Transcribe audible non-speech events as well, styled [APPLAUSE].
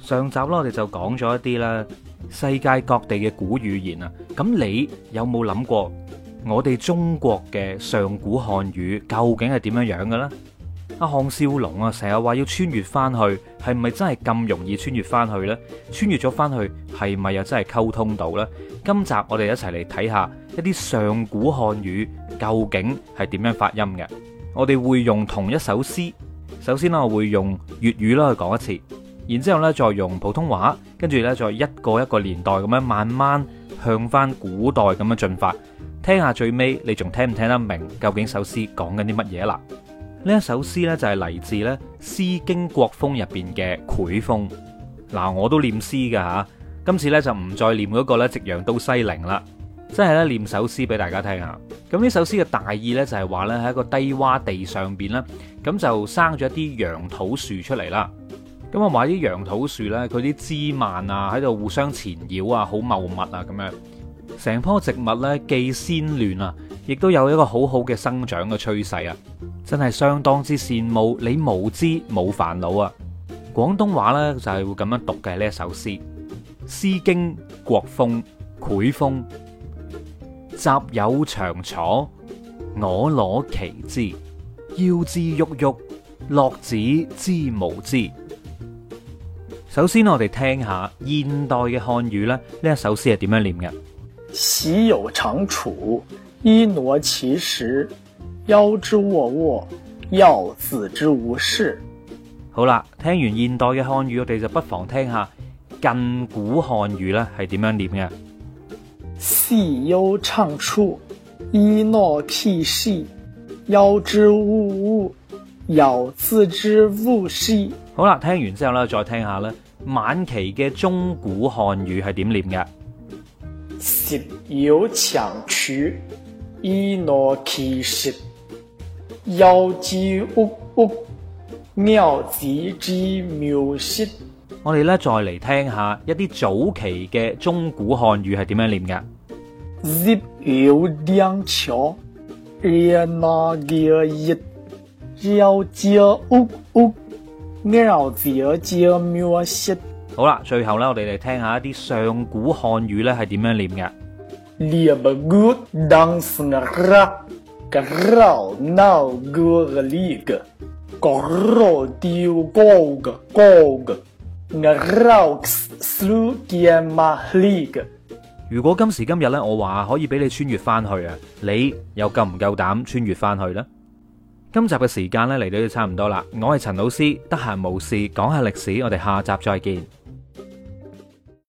上集啦，我哋就講咗一啲啦，世界各地嘅古語言啊，咁你有冇諗過我哋中國嘅上古漢語究竟係點樣樣嘅咧？阿項少龍啊，成日話要穿越翻去，係咪真係咁容易穿越翻去呢？穿越咗翻去，係咪又真係溝通到呢？今集我哋一齊嚟睇下一啲上古漢語究竟係點樣發音嘅？我哋會用同一首詩，首先啦，我會用粵語啦去講一次。然之後咧，再用普通話，跟住咧，再一個一個年代咁樣慢慢向翻古代咁樣進發。聽下最尾，你仲聽唔聽得明究竟首詩講緊啲乜嘢啦？呢一首詩呢，就係嚟自咧《詩經·國風》入邊嘅《檜風》。嗱，我都念詩噶吓，今次呢，就唔再念嗰、那個咧《夕陽到西陵》啦，真係呢念首詩俾大家聽下。咁呢首詩嘅大意呢，就係話呢，喺一個低窪地上邊呢，咁就生咗一啲楊土樹出嚟啦。咁啊，話啲楊桃樹呢，佢啲枝蔓啊，喺度互相纏繞啊，好茂密啊，咁樣成棵植物呢，既鮮嫩啊，亦都有一個好好嘅生長嘅趨勢啊，真係相當之羨慕。你無知冇煩惱啊！廣東話呢，就係會咁樣讀嘅呢一首詩，《詩經·國風·檜風》：隰有長楚，我攞其枝，夭之郁郁，樂子之無知。首先我哋聽下現代嘅漢語咧，呢一首詩係點樣念嘅？喜有長楚，依挪其實，夭之沃沃，幼子之無事。好啦，聽完現代嘅漢語，我哋就不妨聽下近古漢語咧，係點樣念嘅？喜有長楚，依挪其實，夭之沃沃。有字之物兮。好啦，聽完之後咧，再聽下咧晚期嘅中古漢語係點念嘅。石有強處，以諾其石，有之屋屋，妙子之妙兮。我哋咧再嚟聽下一啲早期嘅中古漢語係點樣念嘅。石有兩橋， [NOISE] [NOISE] 好啦，最後呢，我哋嚟聽下一啲上古漢語呢係點樣念嘅。如果今時今日呢，我話可以俾你穿越翻去啊，你又夠唔夠膽穿越翻去呢？今集嘅時間呢嚟到都差唔多啦，我係陳老師，得閒無事講下歷史，我哋下集再見。